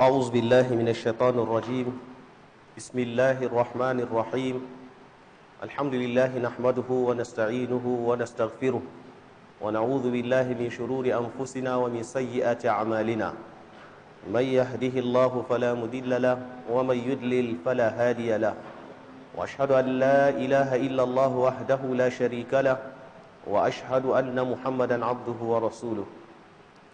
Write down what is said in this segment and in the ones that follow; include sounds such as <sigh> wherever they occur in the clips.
أعوذ بالله من الشيطان الرجيم بسم الله الرحمن الرحيم الحمد لله نحمده ونستعينه ونستغفره ونعوذ بالله من شرور أنفسنا ومن سيئات أعمالنا من يهده الله فلا مدل له ومن يدلل فلا هادي له وأشهد أن لا إله إلا الله وحده لا شريك له وأشهد أن محمدا عبده ورسوله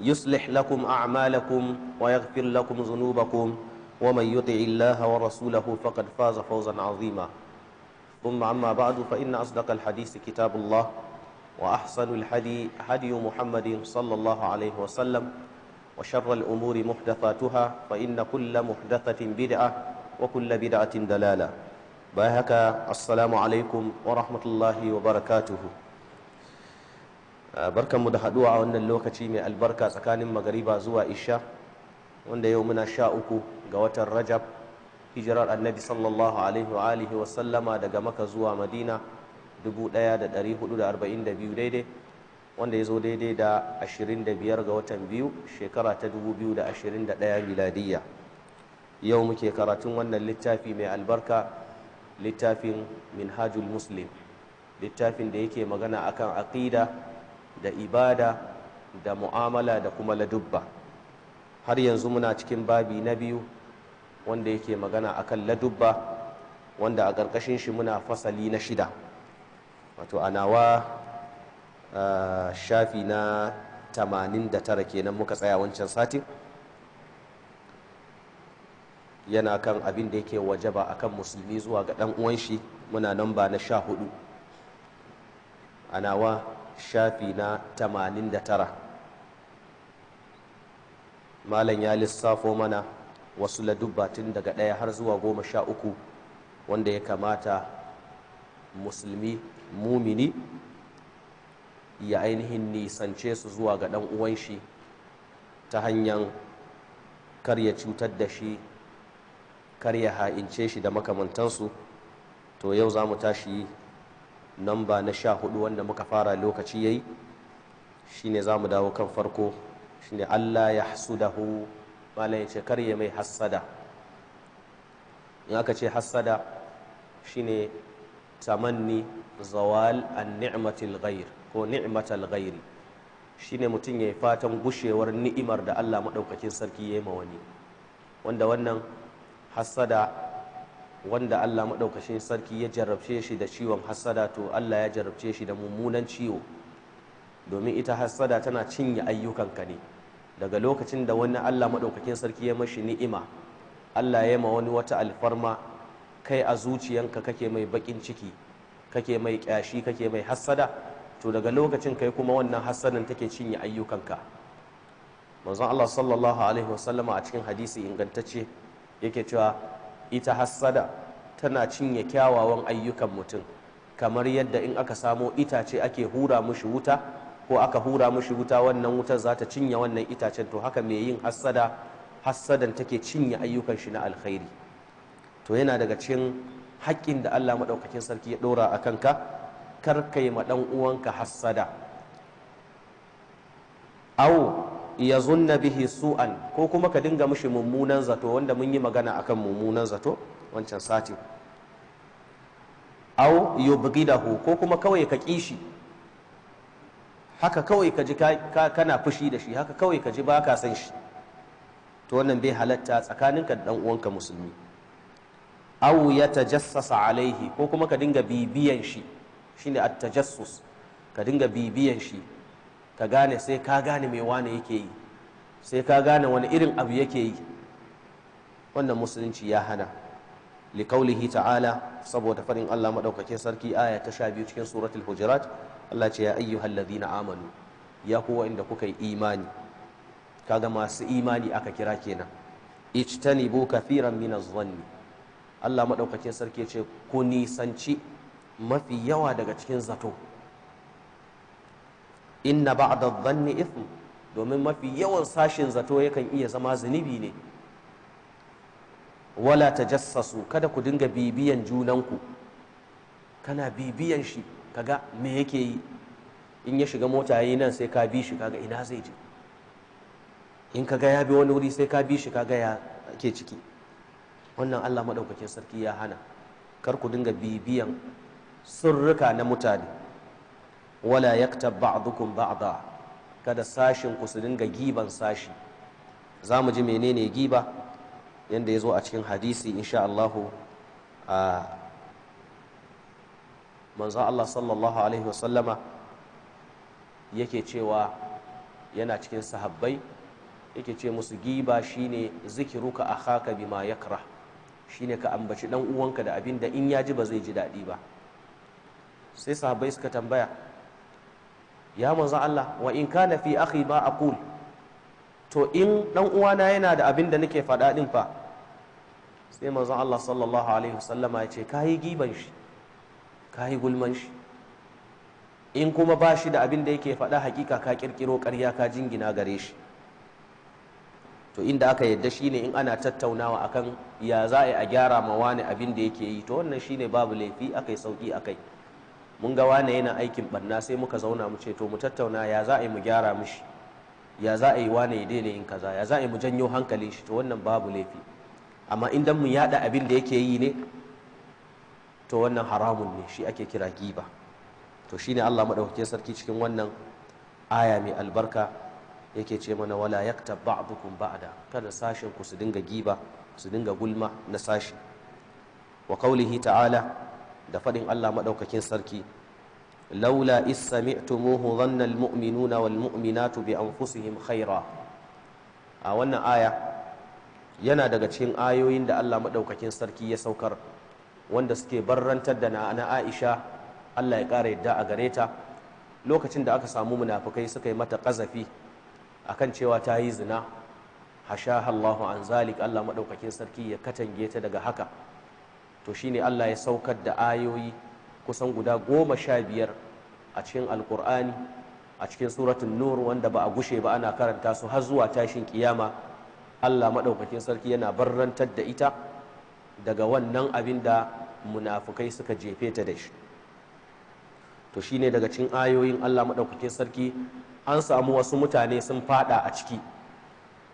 يصلح لكم أعمالكم ويغفر لكم ذنوبكم ومن يطع الله ورسوله فقد فاز فوزا عظيما ثم أما بعد فإن أصدق الحديث كتاب الله وأحسن الحدي هدي محمد صلى الله عليه وسلم وشر الأمور محدثاتها فإن كل محدثة بدعة وكل بدعة دلالة باهك السلام عليكم ورحمة الله وبركاته Ah, barkanmu da haduwa a wannan lokaci mai albarka tsakanin magariba zuwa isha wanda yau muna sha uku ga watan rajab hijirar annabi sallallahu alaihi wa alihi wa sallama daga maka zuwa madina 1442 daidai wanda ya zo daidai da 25 ga watan biyu shekara ta 2021 miladiyya yau muke karatun wannan littafi mai albarka littafin minhajul muslim littafin da yake magana akan aqida da ibada da mu'amala da kuma ladubba har yanzu muna cikin babi na biyu wanda yake magana a kan ladubba wanda a ƙarƙashin shi muna fasali na shida wato a nawa shafi na tamanin da tara kenan muka tsaya wancan satin yana kan abin da yake wajaba akan musulmi zuwa ga ɗan uwan shi muna nan ba na sha hudu a nawa shafi na tamanin da tara malam ya lissafo mana wasu ladubbatin daga ɗaya har zuwa goma sha uku wanda ya kamata musulmi mumini ya ainihin nisance su zuwa ga ɗan uwan shi ta hanyar karya cutar da shi karya ha'ince shi da makamantansu to yau za mu tashi namba na sha hudu wanda muka fara lokaci yayi shine za mu dawo kan farko shine allah ya hasudahu malam ya ce karye mai hassada in aka ce hassada shine tamanni zawal an ni'matil ghair ko ni'matal ghairi shine mutum ya yi fatan gushewar ni'imar da allah maɗaukakin sarki ya yi ma wani wanda wannan hassada wanda Allah maɗaukashin sarki ya jarrabce shi da ciwon hassada to Allah ya jarrabce shi da mummunan ciwo domin ita hassada tana cinye ayyukanka ne daga lokacin da wani Allah maɗaukakin sarki ya mashi ni'ima Allah ya ma wani wata alfarma kai a zuciyanka kake mai bakin ciki kake mai kyashi kake mai hassada to daga lokacin kai kuma wannan hassadan take cinye ayyukanka manzon Allah sallallahu alaihi wasallama a cikin hadisi ingantacce yake cewa ita hassada tana cinye kyawawan ayyukan mutum kamar yadda in aka samo itace ake hura mushi wuta ko aka hura mushi wuta wannan wutar za ta cinye wannan itacen to haka mai yin hassada hassadan take cinye ayyukan shi na alkhairi to yana daga cikin haƙƙin da Allah maɗaukakin sarki ya ɗora a kanka kar kai ma ɗan uwanka hassada awo ya zunna bihi su'an ko kuma ka dinga mushi mummunan zato wanda mun yi magana akan mummunan zato wancan sati au yubghidahu ko kuma kawai ka kishi haka kawai ka ji kana fushi da shi haka kawai ka ji ba ka san shi to wannan bai halatta tsakanin da dan uwanka musulmi au ya tajassasa alaihi ko kuma ka dinga bibiyan shi shine at-tajassus ka dinga bibiyan shi ka gane sai ka gane mai wane yake yi sai ka gane wani irin abu yake yi wannan musulunci ya hana likaulihi ta'ala saboda farin Allah maɗaukakin sarki aya ta sha biyu cikin suratul hujurat Allah ce ya ayyuhal ladina amanu ya kowa inda kuka yi imani kaga masu imani aka kira kenan bu kafiran min az Allah maɗaukakin sarki ce ku nisanci mafi yawa daga cikin zato inna ba'da dhanni ithm domin mafi yawan sashin zato yakan iya zama zunubi ne wala tajassasu kada ku dinga bibiyan junanku kana bibiyan shi kaga me yake yi in ya shiga mota yi nan sai ka bi shi kaga ina zai je in kaga ya bi wani wuri sai ka bi shi kaga ya ke ciki wannan Allah madaukakin sarki ya hana kar ku dinga bibiyan sirrika na mutane wala yaktab ba'dukum ba'da kada sashin ku su dinga giban sashi za mu ji menene giba yadda ya zo a cikin hadisi insha Allahu a manzo Allah sallallahu alaihi wasallama yake cewa yana cikin sahabbai yake ce musu giba shine zikiruka akhaka bima yakra shine ka ambaci dan uwanka da abinda in ya ji ba zai ji daɗi ba sai sahabbai suka tambaya ya manzo Allah wa in kana fi akhi ba aqul to in dan uwana yana da abin da nake faɗa din fa sai manzo Allah sallallahu alaihi wasallama ya ce kai giban shi kai gulman shi in kuma ba shi da abin da yake faɗa hakika ka kirkiro ƙarya ka jingina gare shi to inda aka yadda shine in ana tattaunawa akan ya za a gyara ma wani abin da yake yi to wannan shine babu laifi akai sauki akai mun ga wane yana aikin barna sai muka zauna mu ce to mu tattauna ya za a yi mu gyara mishi ya za a yi wane ya daina yin kaza ya za a yi mu janyo hankalin shi to wannan babu laifi amma idan mu yada abin da yake yi ne to wannan haramun ne shi ake kira giba to shine Allah madaukakin sarki cikin wannan aya mai albarka yake ce mana wala yaktab ba'dukum ba'da kada sashin ku su dinga giba su dinga gulma na sashi wa qawlihi ta'ala da faɗin Allah maɗaukakin sarki laula is sami'tumuhu dhanna almu'minuna wal mu'minatu bi anfusihim khaira a wannan aya yana daga cikin ayoyin da Allah maɗaukakin sarki ya saukar wanda suke barrantar da na Aisha Allah ya ƙara yadda a gare ta lokacin da aka samu munafukai suka yi mata ƙazafi akan cewa ta yi zina hasha Allahu an zalik Allah maɗaukakin sarki ya katange ta daga haka to shine Allah ya saukar da ayoyi kusan guda goma sha biyar a cikin alkur'ani a cikin suratun nur wanda ba a gushe ba ana karanta su har zuwa tashin kiyama Allah maɗaukakin sarki yana barrantar da ita daga wannan abin da munafukai suka jefe ta da shi to shine daga cikin ayoyin Allah maɗaukakin sarki an samu wasu mutane sun fada a ciki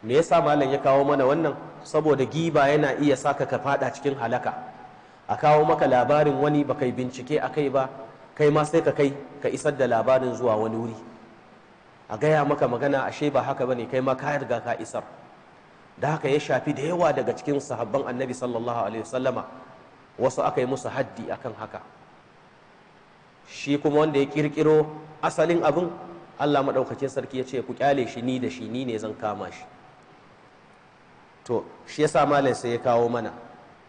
me yasa malam ya kawo mana wannan saboda giba yana iya saka ka fada cikin halaka a kawo maka labarin wani ba kai bincike a kai ba kai ma sai ka kai ka isar da labarin zuwa wani wuri a gaya maka magana ashe ba haka bane kai ma ka riga ka isar da haka ya shafi da yawa daga cikin sahabban annabi sallallahu alaihi wasallama wasu aka yi musu haddi akan haka shi kuma wanda ya kirkiro asalin abin allah maɗaukacin sarki ya ce ku kyale shi ni da shi ni ne zan kama shi to shi yasa malam sai ya kawo mana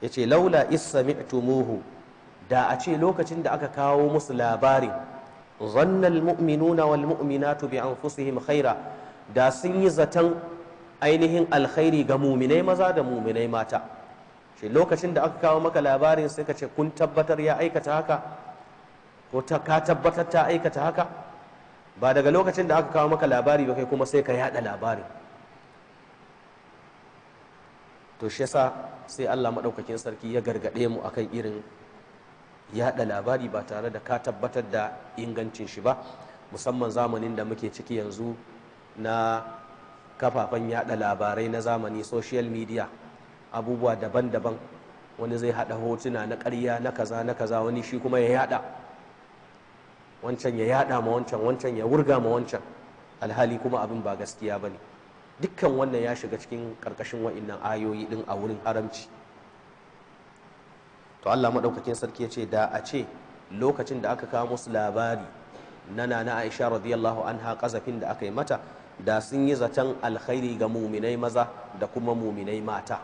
ya ce laula muhu da a ce lokacin da aka kawo musu labarin zannal mu'minuna wal mu'minatu bi anfusihim khaira da sun yi zaton ainihin alkhairi ga muminai maza da muminai mata shi lokacin da aka kawo maka labarin sai ka ce kun tabbatar ya aikata haka ko ka tabbatar ta aikata haka ba daga lokacin da aka kawo maka labari ba kai kuma sai ka yada labarin to shi yasa sai Allah maɗaukakin sarki ya gargaɗe mu akan irin yaɗa labari ba tare da ka tabbatar da ingancin shi ba musamman zamanin da muke ciki yanzu na kafafen yaɗa labarai na zamani social media abubuwa daban-daban wani zai haɗa hotuna na ƙarya na kaza na kaza wani shi kuma ya yaɗa wancan ya yaɗa ma wancan wancan ya wurga ma wancan alhali kuma abin ba gaskiya ba ne dukkan wannan ya shiga cikin karkashin wa'annan ayoyi ɗin a wurin haramci. to Allah madaukakin sarki ya ce da a ce lokacin da aka kawo musu labari na nana Aisha radiyallahu anha kazafin da aka yi mata da sun yi zaton alkhairi ga muminai maza da kuma muminai mata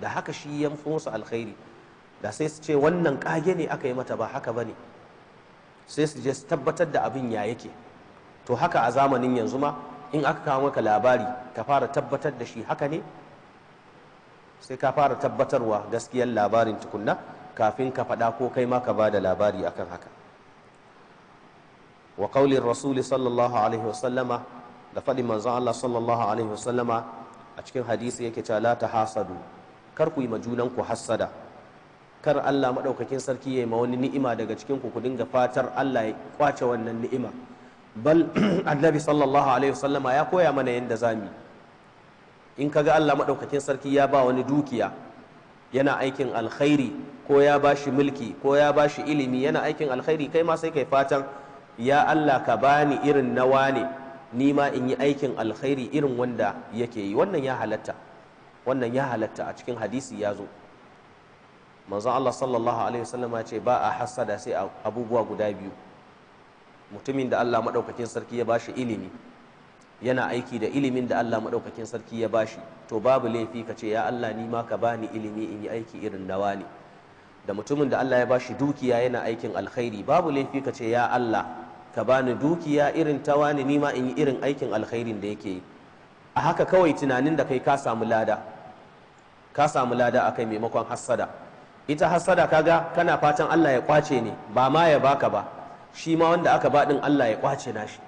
da haka shi ya musu alkhairi da sai su ce wannan kage ne aka yi mata ba haka bane sai su je su tabbatar da abin ya yake to haka a zamanin yanzu ma in aka kawo maka labari ka fara tabbatar da shi haka ne sai ka fara tabbatarwa gaskiyar labarin tukunna kafin ka faɗa ko kai ma ka ba da labari akan haka wa qaulin rasuli sallallahu alaihi wasallama da faɗin manzon Allah sallallahu alaihi wasallama a cikin hadisi yake cewa la tahasadu kar ku yi ma junan ku hassada kar Allah madaukakin sarki ya yi ma wani ni'ima daga cikin ku ku dinga fatar Allah ya kwace wannan ni'ima bal <clears throat> annabi sallallahu alaihi wasallama ya koya mana yadda zamu in ka ga Allah maɗaukakin sarki ya ba wani dukiya yana aikin alkhairi ko ya bashi mulki ko ya bashi ilimi yana aikin alkhairi kai ma sai kai fatan ya Allah ka bani irin nawa ne ni ma in yi aikin alkhairi irin wanda yake yi wannan ya halatta wannan ya halatta a cikin hadisi ya zo manzon Allah sallallahu alaihi wasallama ya ce ba a hassada sai abubuwa guda biyu mutumin da Allah maɗaukakin sarki ya bashi ilimi yana aiki da ilimin da Allah maɗaukakin sarki ya bashi to babu laifi ka ce ya Allah ni ma ka bani ilimi in yi aiki irin nawa ne da mutumin da Allah ya bashi dukiya yana aikin alkhairi babu laifi ka ce ya Allah ka bani dukiya irin tawa ne ma in yi irin aikin alkhairin da yake yi a haka kawai tunanin da kai ka samu lada ka samu lada a kai maimakon hassada ita hassada kaga kana fatan Allah ya kwace ne ba ma ya baka ba shi ma wanda aka baɗin Allah ya ƙwace nashi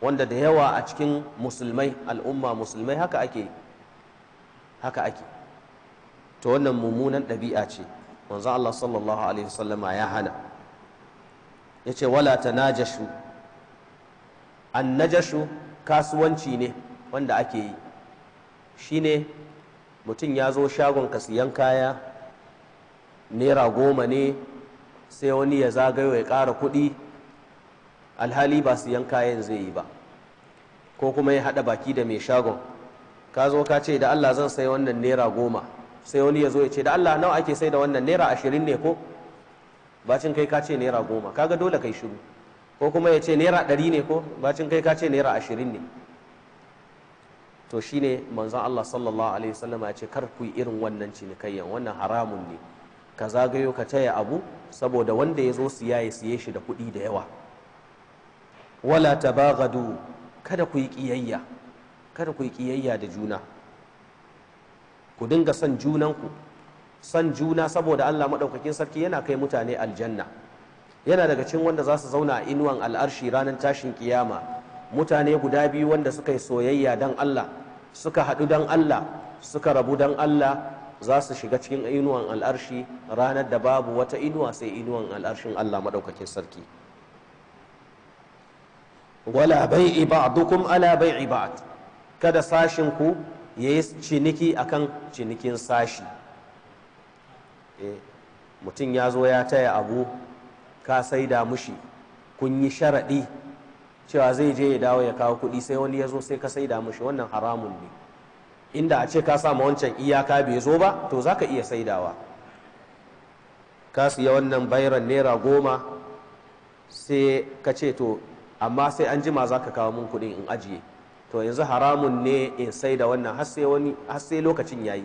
wanda da yawa a cikin musulmai al'umma musulmai haka ake haka ake to wannan mummunan ɗabi'a ce manzo Allah sallallahu alaihi wasallama ya hana yace wala tanajashu najashu kasuwanci ne wanda ake yi shine mutum ya zo shagon ka siyan kaya naira goma ne sai wani ya zagayo ya ƙara kuɗi alhali ba su kayan zai yi ba ko kuma ya haɗa baki da mai shagon ka zo ka ce da allah zan sai wannan naira goma sai wani ya zo ya ce da allah nawa ake sai da wannan naira ashirin ne ko bacin kai ka ce naira goma kaga dole kai shiru ko kuma ya ce naira ɗari ne ko bacin kai ka ce naira ashirin ne to shine manzon allah sallallahu alaihi wasallam ya ce kar ku yi irin wannan cinikayyan wannan haramun ne ka zagayo ka taya abu saboda wanda ya zo siya ya siye shi da kuɗi da yawa wala tabaghadu kada ku yi ƙiyayya kada ku yi ƙiyayya da juna ku dinga son junanku son juna saboda Allah maɗaukakin sarki yana kai mutane aljanna yana daga cin wanda za su zauna a inuwan al'arshi ranar tashin kiyama mutane guda biyu wanda suka yi soyayya don Allah suka haɗu don Allah suka rabu don Allah za su shiga cikin inuwan al'arshi ranar da babu wata inuwa sai inuwan al'arshin Allah maɗaukakin sarki wala bai'i ba'dukum ala bai'i ba'd kada sashin ku yayi ciniki akan cinikin sashi eh, mutum ya zo ya taya abu ka saida mushi kun yi sharaɗi cewa zai je ya dawo ya kawo kuɗi sai wani ya zo sai ka saida mushi wannan haramun ne inda a ce ka sama wancan iyaka bai zo ba to za ka iya saidawa ka siya wannan bairan naira goma sai ka ce to amma sai an jima za ka kawo mun kuɗin in ajiye to yanzu haramun ne in saida wannan har sai lokacin yayi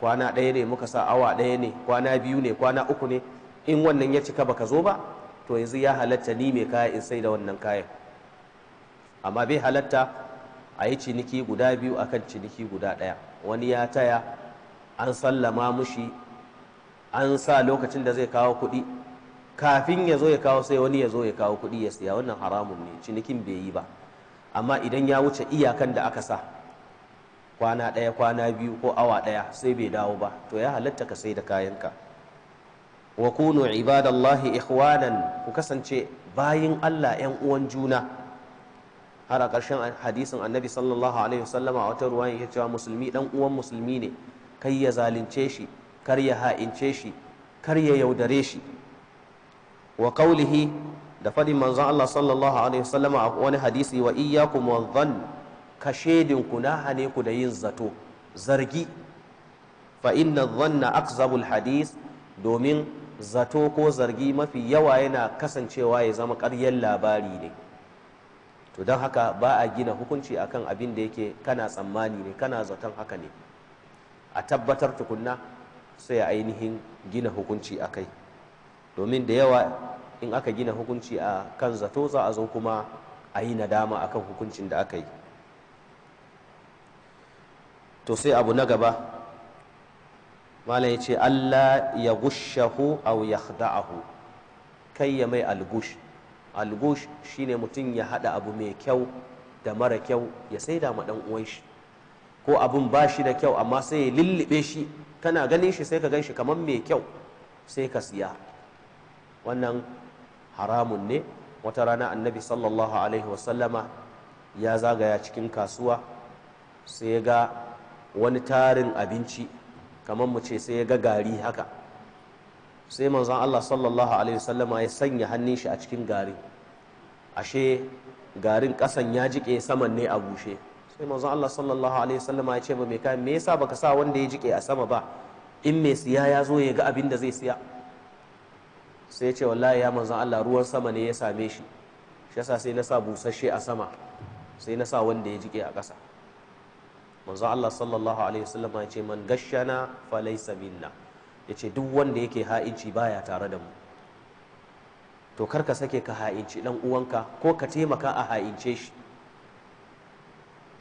kwana ɗaya ne muka sa awa ɗaya ne kwana biyu ne kwana uku ne in wannan ya cika baka zo ba to yanzu ya halatta ni mai kaya in sai da wannan kayan amma bai halatta a yi ciniki guda biyu akan ciniki guda ɗaya wani ya taya an sallama mushi an sa lokacin da zai kawo kuɗi kafin ya zo ya kawo sai wani ya zo ya kawo kuɗi ya siya wannan haramun ne cinikin bai yi ba amma idan ya wuce iyakan da aka sa kwana ɗaya kwana biyu ko awa ɗaya sai bai dawo ba to ya halatta ka sai da kayanka wa kunu ibadallahi ikhwanan ku kasance bayin Allah 'yan uwan juna har a ƙarshen hadisin annabi sallallahu alaihi wasallama a wata ruwan ya cewa musulmi dan uwan musulmi ne kai ya zalunce shi kar ya ha'ince shi kar ya yaudare shi wa da fadin manzon Allah sallallahu alaihi wasallama a wani hadisi wa iyyakum wadhann ka shedin ku ku da yin zato zargi fa inna dhanna aqzabul hadis domin zato ko zargi mafi yawa yana kasancewa ya zama ƙaryar labari ne to don haka ba a gina hukunci akan abin da yake kana tsammani ne kana zaton haka ne a tabbatar tukunna sai ainihin gina hukunci a kai domin da yawa in aka gina hukunci a kan zato za a zo kuma a yi nadama a kan hukuncin da aka yi to sai abu na gaba malam ya ce allah ya gushahu au kai ya mai algush algush shine mutum ya hada abu mai kyau da mara kyau ya saida ma dan uwan shi ko abun ba shi da kyau amma sai ya lullube shi kana ganin shi sai ka gan shi kamar mai kyau sai ka siya wannan haramun ne wata rana annabi sallallahu alaihi wasallama ya zagaya cikin kasuwa sai ya ga wani tarin abinci kaman mu ce sai ya ga gari haka sai manzon Allah sallallahu alaihi wasallama ya sanya hannun shi a cikin garin ashe garin kasan ya jike saman ne a bushe sai manzon Allah sallallahu alaihi wasallama ya ce ba mai kayan me yasa baka sa wanda ya jike a sama ba in mai siya ya zo ya ga abin da zai siya sai ce wallahi ya manzon Allah ruwan sama ne ya same shi shi yasa sai na sa busasshe a sama sai na sa wanda ya jike a ƙasa manzon Allah sallallahu alaihi wasallama ya ce man gashana falaysa minna ya ce duk wanda yake ha'inci baya tare da mu to kar ka sake ka ha'inci dan uwanka ko ka taimaka a ha'ince shi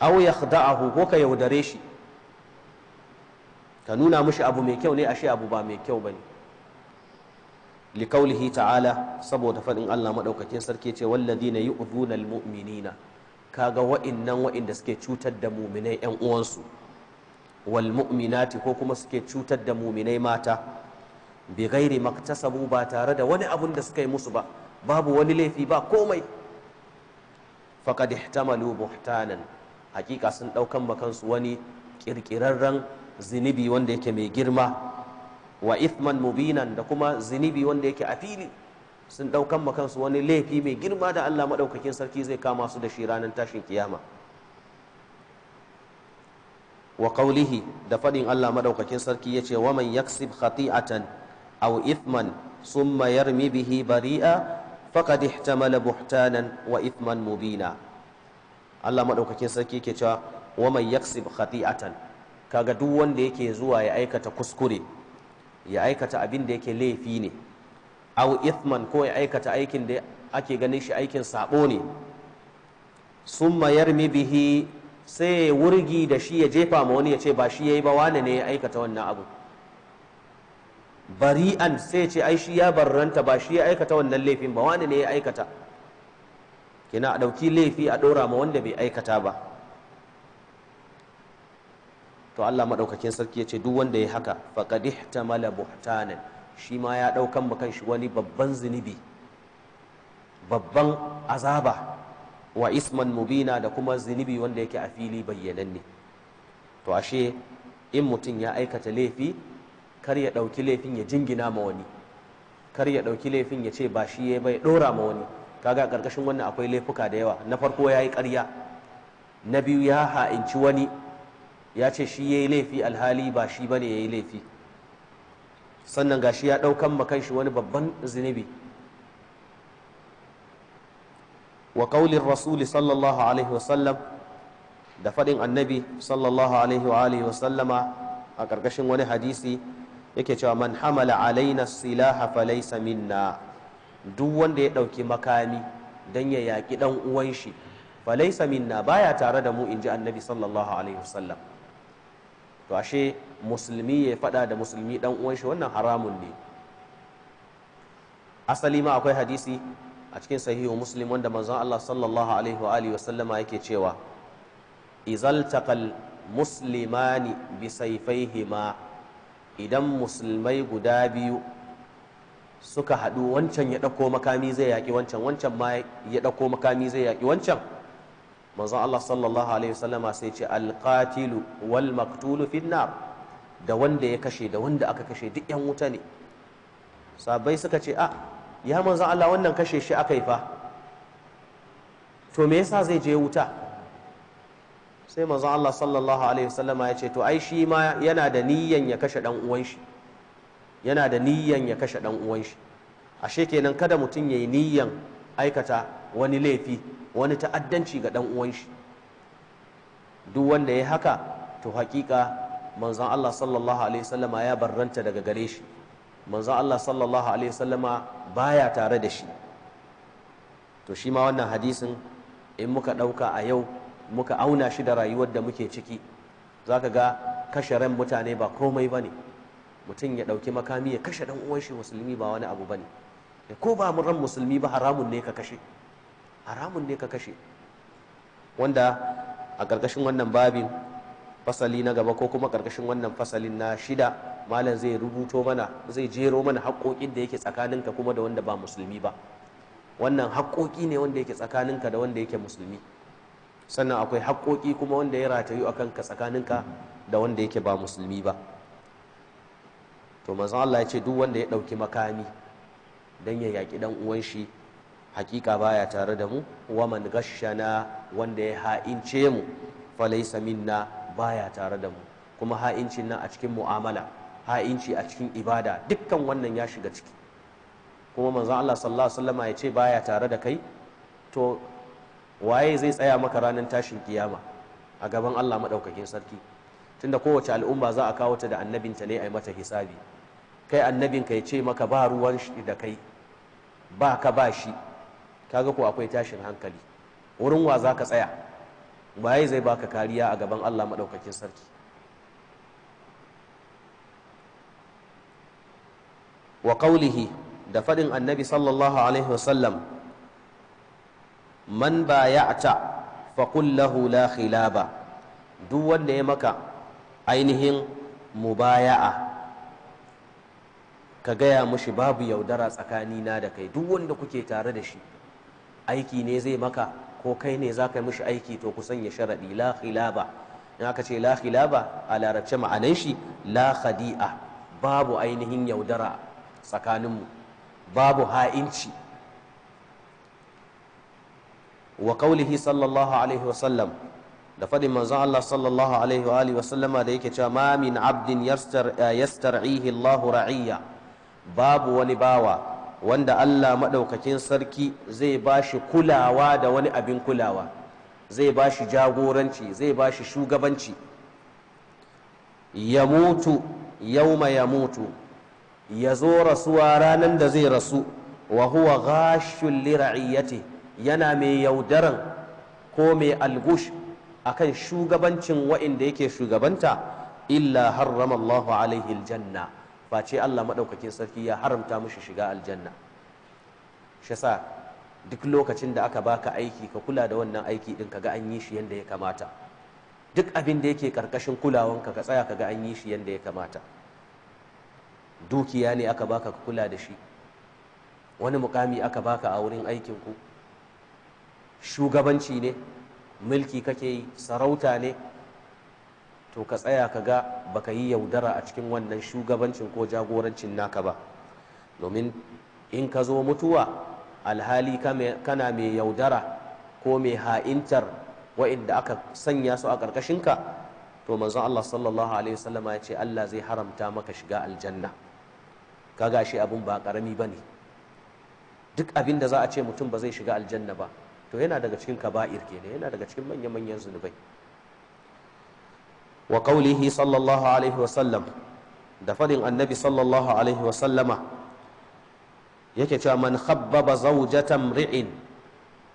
aw yakhda'ahu ko ka yaudare shi ka nuna mashi abu mai kyau ne ashe abu ba mai kyau bane likaulihi ta'ala saboda faɗin Allah maɗaukakin sarki ce walladina yu'dhuna almu'minina kaga wa'innan wa'inda suke cutar da mu'minai yan uwansu walmuminati ko kuma suke cutar da muminai mata bi maktasabu ba tare da wani abun da suka yi musu ba babu wani laifi ba komai faqad ihtamalu buhtanan hakika sun daukan makansu wani kirkirarren zinibi wanda yake mai girma wa ithman mubinan da kuma zinibi wanda yake a fili sun daukan makansu wani laifi mai girma da Allah madaukakin sarki zai kama su da shi ranar tashin kiyama wa qawlihi da fadin Allah madaukakin sarki yace wa man yaksib khati'atan aw ithman summa yarmi bihi bari'a faqad ihtamala buhtanan wa ithman mubina Allah madaukakin sarki yake cewa wa man yaksib khati'atan kaga duk wanda yake zuwa ya aikata kuskure ya aikata abin da yake laifi ne aw ithman ko ya aikata aikin da ake ganin shi aikin sabo ne summa yarmi bihi sai ya wurgi da shi ya jefa ma wani ya ce ba shi ya yi ba wane ne ya aikata wannan abu bari'an sai ce ai shi ya barranta ba shi ya aikata wannan laifin ba wane ne ya aikata kina a ɗauki laifi a ɗora ma wanda bai aikata ba to Allah maɗaukakin sarki ya ce duk wanda ya haka faqad ihtamala buhtanan shi ma ya ɗaukan ma shi wani babban zunubi babban azaba wa isman mubina da kuma zunubi wanda yake a fili bayyananne to ashe in mutum ya aikata laifi kar ya ɗauki laifin ya jingina ma wani kar ya ɗauki laifin ya ce ba shi ya bai ɗora ma wani kaga ƙarƙashin wannan akwai laifuka da yawa na farko ya yi ƙarya na biyu ya ha'inci wani ya ce shi ya yi laifi alhali ba shi ba ne ya yi laifi sannan gashi ya ɗaukan makanshi shi wani babban zunubi wa qaulin rasuli sallallahu alaihi wasallam da faɗin annabi sallallahu alaihi wa alihi a ƙarƙashin wani hadisi yake cewa man hamala alaina silaha falaysa duk wanda ya ɗauki makami dan ya yaƙi ɗan uwanshi shi baya tare da mu in ji annabi sallallahu alaihi wasallam to ashe musulmi ya faɗa da musulmi ɗan uwanshi wannan haramun ne asali ma akwai hadisi a cikin sahihu muslim wanda manzon Allah sallallahu alaihi wa alihi wasallama yake cewa izal taqal muslimani bi sayfaihima idan musulmai guda biyu suka hadu wancan ya dauko makami zai yaƙi wancan wancan ma ya dauko makami zai yaƙi wancan manzon Allah sallallahu alaihi wasallama sai ce alqatilu wal maqtulu finnar da wanda ya kashe da wanda aka kashe duk yan wuta ne sabai suka ce a ah, ya manzan Allah wannan kashe shi aka yi fa to me yasa zai je wuta sai manzan Allah sallallahu alaihi wasallama ya ce to ai shi ma yana da niyyan ya kashe dan uwan shi yana da niyyan ya kashe dan uwan shi ashe kenan kada mutum yayi niyyan aikata wani laifi wani ta'addanci ga dan uwan shi duk wanda ya haka to hakika manzan Allah sallallahu alaihi wasallama ya barranta daga gare shi manzan Allah sallallahu alaihi wasallama baya tare da shi to shi ma wannan hadisin in muka ɗauka a yau muka auna shi da rayuwar da muke ciki za ka ga kashe ran mutane ba komai ba ne mutum ya ɗauki makami ya kashe ɗan uwan shi musulmi ba wani abu ba ne ko ba mu ran musulmi ba haramun ne ka kashe haramun ne ka kashe wanda a ƙarƙashin wannan babin fasali na gaba ko kuma karkashin wannan fasalin na shida malam zai rubuto mana zai jero mana haƙoƙin da yake tsakaninka kuma da wanda ba musulmi ba wannan haƙoƙi ne wanda yake tsakaninka da wanda yake musulmi sannan akwai haƙoƙi kuma wanda ya ratayu a kanka tsakaninka da wanda yake ba musulmi ba to manzon Allah ya ce duk wanda ya ɗauki makami don ya yaƙi dan uwan shi hakika baya tare da mu wa man gashana wanda ya ha'ince mu falaysa minna baya tare da mu kuma ha'incin nan a cikin mu'amala ha'inci a cikin ibada dukkan wannan ya shiga ciki kuma manzo Allah sallallahu alaihi wasallam ya ce baya tare da kai to waye zai tsaya maka ranar tashin kiyama a gaban Allah madaukakin sarki tunda kowace al'umma za a kawo ta da annabin ta ne a mata hisabi kai annabin ka ya ce maka ba ruwan shi da kai ba ka ba shi kaga ko akwai tashin hankali wurin wa za ka tsaya waye zai baka kariya a gaban Allah maɗaukakin sarki wa ƙaulihi da faɗin annabi sallallahu alaihi wasallam man bayata ta lahu la khilaba duk wanda ya maka ainihin mu mubaya'a ka gaya mushi babu yaudara tsakanina da kai duk wanda kuke tare da shi aiki ne zai maka ko kai ne za ka mishi aiki to ku sanya sharaɗi la khilaba in aka ce la khilaba a larabce ma'anan shi la khadi'a babu ainihin yaudara tsakaninmu babu ha'inci wa qaulihi sallallahu alaihi wasallam da faɗin manzon Allah sallallahu alaihi wa alihi wasallama da yake cewa ma min abdin yastar'ihi Allahu ra'iyya babu wani bawa wanda Allah maɗaukakin sarki zai ba shi kulawa da wani abin kulawa zai ba shi jagoranci zai ba shi shugabanci ya mutu yauma ya mutu ya zo rasuwa ranar da zai rasu wa huwa ghashun lira'iyyati yana mai yaudaran ko mai algush akan shugabancin wa'inda yake shugabanta illa harrama Allahu alaihi aljanna face Allah maɗaukakin sarki ya haramta mushi shiga aljanna shi sa duk lokacin da aka baka aiki ka kula da wannan aiki ɗin ka ga an yi shi yadda ya kamata duk abin da yake karkashin kulawanka ka tsaya ka ga an yi shi yadda ya kamata dukiya ne aka baka ka kula da shi wani mukami aka baka a wurin aikinku shugabanci ne mulki kake yi sarauta ne to ka tsaya ka ga ba ka yi yaudara a cikin wannan shugabancin ko jagorancin naka ba domin in ka zo mutuwa alhali kana mai yaudara ko mai ha'intar wa'inda aka sanya su a ƙarƙashinka to manzon Allah sallallahu alaihi wasallama ya ce Allah zai haramta maka shiga aljanna ka gashi abin ba ƙarami ba ne duk abin da za a ce mutum ba zai shiga aljanna ba to yana daga cikin kaba'ir kenan yana daga cikin manya-manyan zunubai wa qaulihi sallallahu alaihi wasallam da fadin annabi sallallahu alaihi wa wasallama yake cewa man khabbaba zawjatan ri'in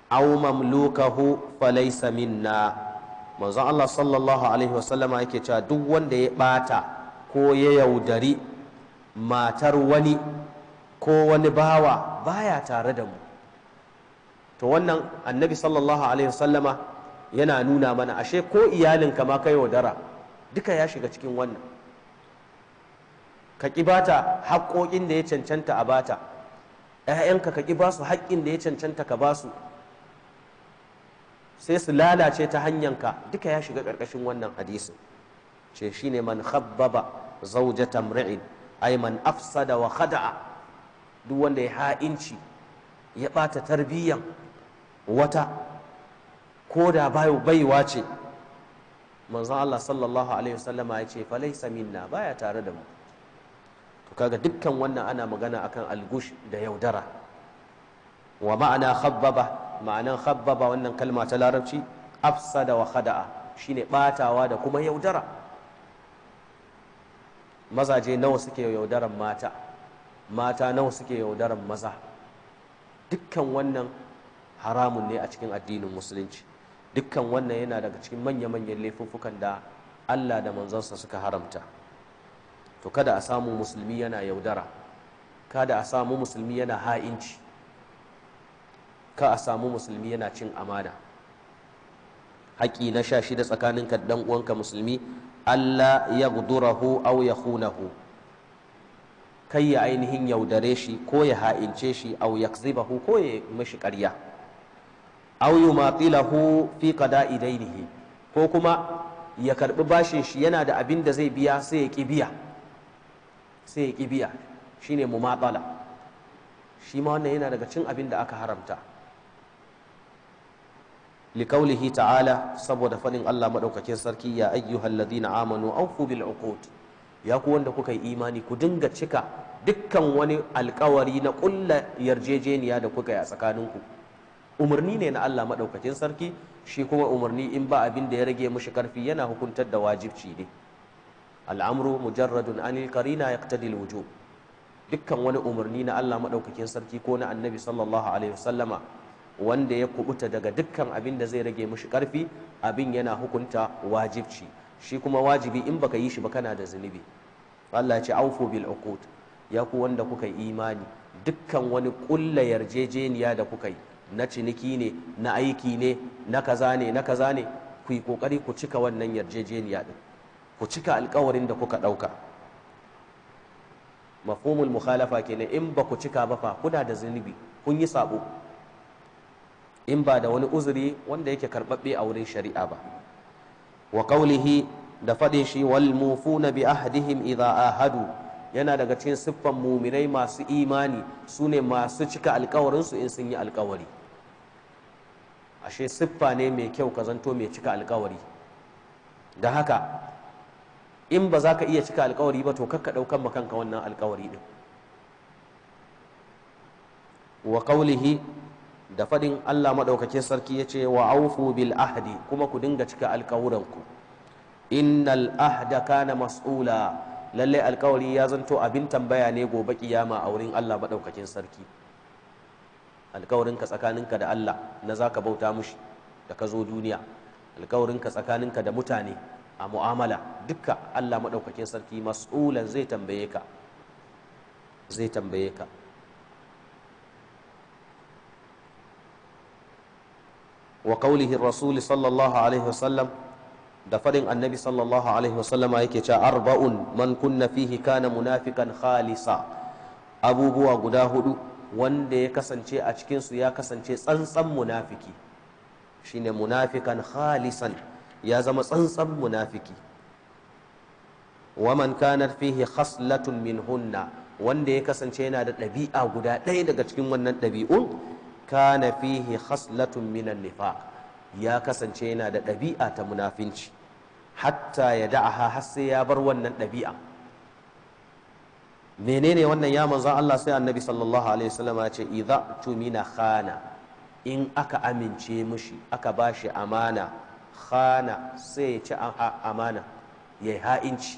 aw mamlukahu falaysa minna manzon Allah sallallahu alaihi wa wasallama yake cewa duk wanda ya bata ko ya yaudari matar wani ko wani bawa baya tare da mu to wannan annabi sallallahu alaihi wa wasallama yana nuna mana ashe ko iyalinka ma ka yaudara duka ya shiga cikin wannan ka ƙi bata haƙoƙin da ya cancanta a bata ‘ya'yanka ka ƙi su haƙƙin da ya cancanta ka ba su sai su lalace ta hanyanka duka ya shiga ƙarƙashin wannan hadisin ce shi ne man khabbaba zaujata tamri'in ai man afsada wa khada'a duk wanda ya ha'inci ya ɓata tarbiyyan wata ko da baiwa ce manzon Allah sallallahu alaihi wasallama ya ce falaysa minna baya tare da mu to kaga dukkan wannan ana magana akan algush da yaudara wa ma'ana khabbaba ma'anan khabbaba wannan kalma ta larabci afsada wa khada'a shine batawa da kuma yaudara mazaje nawa suke yaudaran mata mata nawa suke yaudaran maza dukkan wannan haramun ne a cikin addinin musulunci dukkan wannan yana daga cikin manya-manyan laifuffukan da Allah da manzansa suka haramta to kada a samu musulmi yana yaudara kada a samu musulmi yana ha'inci ka a samu musulmi yana cin amana haƙi na sha shida tsakaninka dan uwanka musulmi Allah ya gudurahu au ya hunahu kai ya ainihin yaudare shi ko ya ha'ince shi au ya ko ya mashi ƙarya aw yumatilahu fi qada'i dainihi ko kuma ya karbi bashin shi yana da abin da zai biya sai ya ki biya sai ya ki biya shine mumatala shi ma wannan yana daga cin abin da aka haramta liqaulihi ta'ala saboda fadin Allah maɗaukakin sarki ya ayyuhalladhina amanu an bil uqud ya ku wanda kuka yi imani ku dinga cika dukkan wani alkawari na ƙulla yarjejeniya da kuka yi a tsakaninku umarni ne na Allah maɗaukacin sarki shi kuma umarni in ba abin da ya rage mushi karfi yana hukuntar da wajibci ne al'amru mujarradun anil karina yaqtadi wujub dukkan wani umarni na Allah maɗaukakin sarki ko na annabi sallallahu alaihi wasallama wanda ya kubuta daga dukkan abin da zai rage mushi karfi abin yana hukunta wajibci shi kuma wajibi in baka yi shi ba kana da zunubi Allah ya ce aufu bil uqud ya ku wanda kuka imani dukkan wani kulla yarjejeniya da kuka yi na ciniki ne na aiki ne na kaza ne na kaza ne ku yi kokari ku cika wannan yarjejeniya din ku cika alkawarin da kuka dauka mafhumul mukhalafa kenan in ba ku cika ba fa kuna da zunubi kun yi sabo in ba da wani uzuri wanda yake karbabbe a wurin shari'a ba wa qawlihi da faɗin shi wal mufuna bi ahdihim idza ahadu yana daga cikin siffan muminai masu imani su ne masu cika alkawarinsu in sun yi alkawari ashe siffa ne mai kyau ka zanto mai cika alkawari da haka in ba za ka iya cika alkawari ba to kakka ɗaukan makanka wannan alkawari ɗin wa ƙaulihi da faɗin allah maɗaukake sarki ya ce wa aufu bil ahdi kuma ku dinga cika alkawuranku innal ahda kana mas'ula lallai alkawari ya zanto abin tambaya ne gobe kiyama a wurin allah maɗaukakin sarki alkawarinka tsakaninka da Allah na zaka bauta mushi da ka zo duniya alkawarinka tsakaninka da mutane a mu'amala duka Allah maɗaukakin sarki mas'ulan zai tambaye ka zai tambaye ka wa qawlihi rasul sallallahu alaihi wasallam da farin annabi sallallahu alaihi wasallama yake cewa arba'un man kunna fihi kana munafiqan khalisa abubuwa guda hudu wanda ya kasance a cikinsu ya kasance tsantsan munafiki shine munafikan khalisan ya zama tsantsan munafiki waman kanat fihi khaslatun min hunna wanda ya kasance yana da ɗabi'a guda ɗaya daga cikin wannan ɗabi'un kana fihi khaslatun min nifaq ya kasance yana da ɗabi'a ta munafinci hatta ya da'aha har sai ya bar wannan ɗabi'a menene wannan ya manzan Allah sai annabi sallallahu alaihi wasallam ya ce idza tumina khana in aka amince mishi aka bashi amana khana sai ya ci amana yayi ha'inci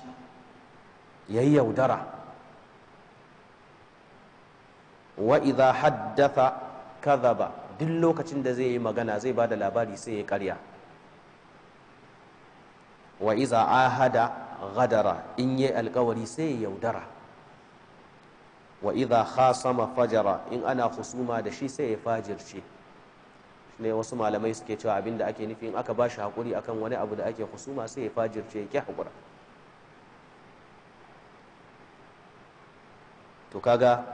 yayi yaudara wa idza haddatha kadhaba duk lokacin da zai yi magana zai bada labari sai ya karya wa iza ahada gadara in yi alkawari sai ya yaudara wa idha khasama fajara in ana husuma da shi sai ya fajirce ne wasu malamai suke cewa abin da ake nufi in aka ba shi haƙuri akan wani abu da ake husuma sai ya fajirce ya ki haƙura to kaga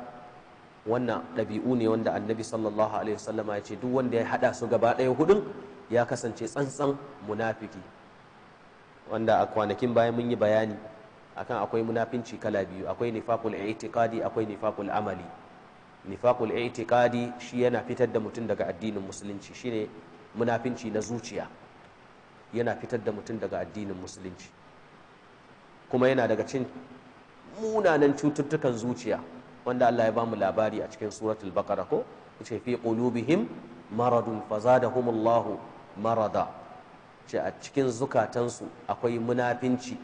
wannan ɗabi'u ne wanda annabi sallallahu alaihi wasallama ya ce duk wanda ya haɗa su gaba ɗaya hudun ya kasance tsantsan munafiki wanda a kwanakin bayan mun yi bayani akan akwai munafinci kala biyu akwai nifaqul i'tiqadi akwai nifaqul amali nifaqul i'tiqadi shi yana fitar da mutum daga addinin musulunci shine munafinci na zuciya yana fitar da mutum daga addinin musulunci kuma yana daga cin munanan cututtukan zuciya wanda Allah ya bamu labari a cikin suratul baqara ko yace fi qulubihim maradun fazadahumullahu marada ce a cikin zukatansu akwai munafinci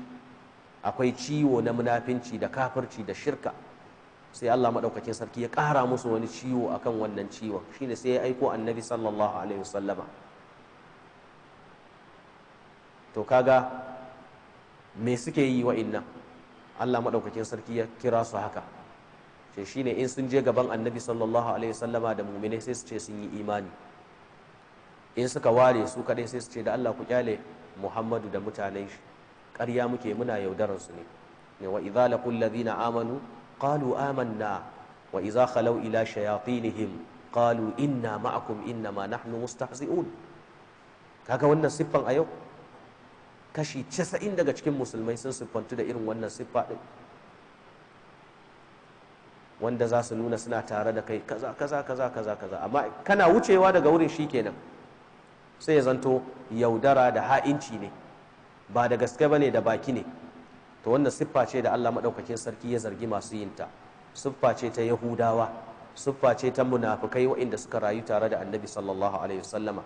akwai ciwo na munafinci da kafirci da shirka sai Allah maɗaukakin sarki ya ƙara musu wani ciwo akan wannan ciwon shine sai ya aiko annabi sallallahu alaihi wasallama to kaga me suke yi wa inna Allah maɗaukakin sarki ya kira su haka ce shine in sun je gaban annabi sallallahu alaihi wasallama da muminai sai su ce sun yi imani in suka ware su kaɗai sai su ce da Allah ku kyale Muhammadu da mutanen shi ƙarya muke muna yaudarar su ne wa idza laqul ladina amanu qalu amanna wa idza khalaw ila shayatinihim qalu inna ma'akum inna ma nahnu mustahzi'un kaga wannan siffan a yau kashi 90 daga cikin musulmai sun siffantu da irin wannan siffa din wanda za su nuna suna tare da kai kaza kaza kaza kaza kaza amma kana wucewa daga wurin shikenan sai ya zanto yaudara da ha'inci ne ba da gaske ba ne da baki ne to wannan siffa ce da Allah madaukakin sarki ya zargi masu yin ta siffa ce ta yahudawa siffa ce ta munafikai waɗanda suka rayu tare da annabi sallallahu alaihi wasallama